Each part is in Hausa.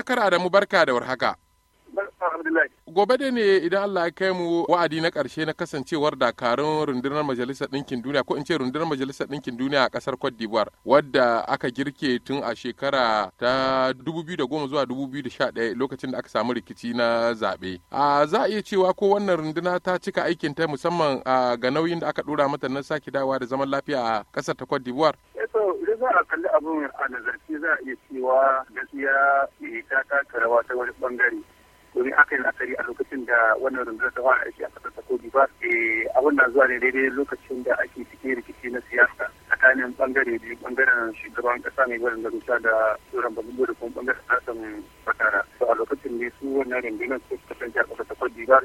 zakar Adamu barka da warhaka. Gobe da ne idan Allah ya kai mu wa'adi na ƙarshe na kasancewar dakarun rundunar majalisar ɗinkin duniya ko in ce rundunar majalisar ɗinkin duniya a ƙasar Cote d'Ivoire wadda aka girke tun a shekara ta 2010 zuwa 2011 lokacin da aka samu rikici na zaɓe. A za a iya cewa ko wannan runduna ta cika aikin ta musamman ga nauyin da aka ɗora mata na sake dawa da zaman lafiya a ƙasar ta Cote d'Ivoire. za a kalli abin a nazarci za a iya cewa gaskiya eh, ta taka rawa ta wani bangare domin aka yi la'akari a lokacin da wannan rundunar ta fara aiki a kasar ta kogi ba eh, abin na zuwa ne daidai lokacin da ake cike rikici na siyasa tsakanin bangare biyu bangaren shugaban kasa mai gwada garusa da tsoron babu da kuma bangaren kasan fatara a lokacin ne su wannan rundunar su kasance a kasar ta kogi ba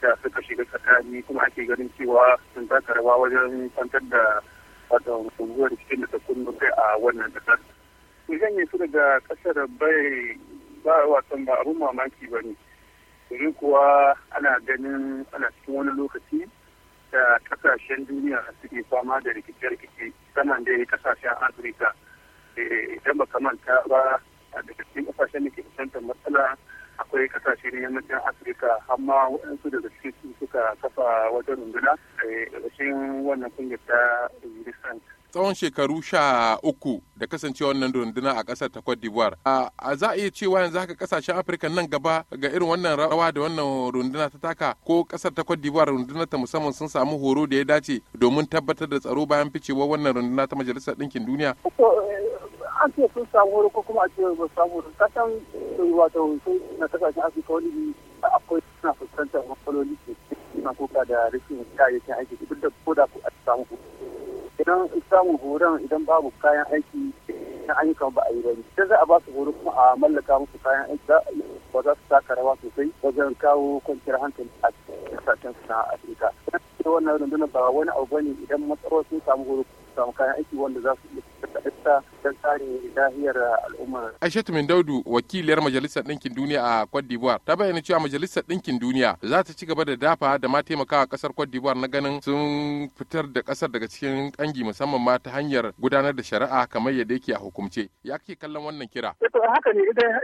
da suka shiga tsakani kuma ake ganin cewa sun taka rawa wajen kwantar da wato guguwar rikicin da ta kai a wannan ƙasar. Su janye su daga ƙasar bai ba wasan ba abun mamaki ba ne. Domin kuwa ana ganin ana cikin wani lokaci da kasashen duniya suke fama da rikice-rikice saman da kasashen Afirka. Eh, idan ba manta ba a daga cikin kasashen da ke fuskantar matsala akwai kasashe na yammacin afirka amma waɗansu daga cikin suka kafa wata runduna a eh, ƙarshen wannan kungiyar ta resistance tsawon shekaru sha uku da kasance wannan runduna a ƙasar ta Cote A za a iya cewa yanzu haka kasashen Afirka nan gaba ga irin wannan rawa da wannan runduna ta taka ko kasar ta Cote d'Ivoire rundunar ta musamman sun samu horo da ya dace domin tabbatar da tsaro bayan ficewa wannan runduna ta Majalisar Ɗinkin Duniya. Eh, an ce sun samu wuri ko kuma a ce ba samu wuri kasan eh, wato sun na kasashen afirka wani akwai suna fuskantar matsaloli ke suna kuka da rikin kayayyakin aiki duk da ko da a samu idan samun horon idan babu kayan aiki na ayyukan ba a yi ba ne za a ba su horo kuma a mallaka musu kayan aiki ba za su taka rawa sosai wajen kawo kwanciyar hankali a kasashen su na afirka wannan rundunar ba wani abu ne idan matsalolin sun samu horo samu kayan aiki wanda za su iya don kare lahiyar al'umma. Aisha Min Daudu wakiliyar Majalisar dinkin Duniya a Cote d'Ivoire ta bayyana cewa Majalisar Ɗinkin Duniya za ta ci gaba da dafa da ma taimakawa ƙasar Cote d'Ivoire na ganin sun fitar da kasar daga cikin ƙangi musamman ma ta hanyar gudanar da shari'a kamar yadda yake a hukumce. Ya kake kallon wannan kira? Eh, to haka ne idan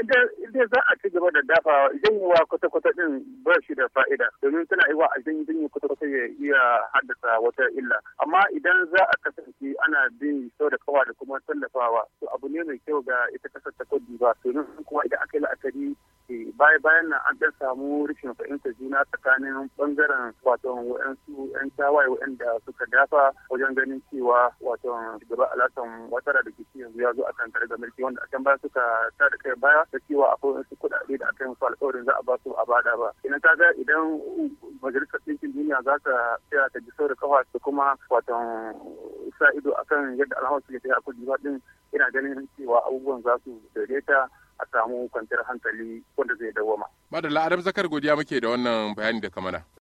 za a ci gaba da dafa janyewa kwata-kwata ɗin ba shi da fa'ida domin tana yi wa a yi kwata-kwata ya iya haddasa wata illa amma idan za a kasance ana bin sau da kawa da kuma tallafa girmamawa to abu ne mai kyau ga ita kasar ta Cote d'Ivoire to nan kuma idan aka yi la'akari eh, baya bayan na an dan samu rashin fahimtar juna tsakanin bangaren wato wa'ansu yan tawaye wa'anda suka dafa wajen ganin cewa wato gaba alatan watara da kishi yanzu ya zo a kan da mulki wanda akan baya suka ta da kai baya da cewa akwai wasu kuɗaɗe da aka yi musu alƙawarin za a ba su a bada ba ina ka ga idan majalisar ɗinkin duniya za ta tsaya ta ji sau da kafa su kuma wato sa ido akan yadda alhamar suke tafiya a kudu ba din ina ganin cewa abubuwan za su daidaita a samu kwanciyar hankali wanda zai dawwama Madalla Adam Zakar godiya muke da wannan bayani da kamana.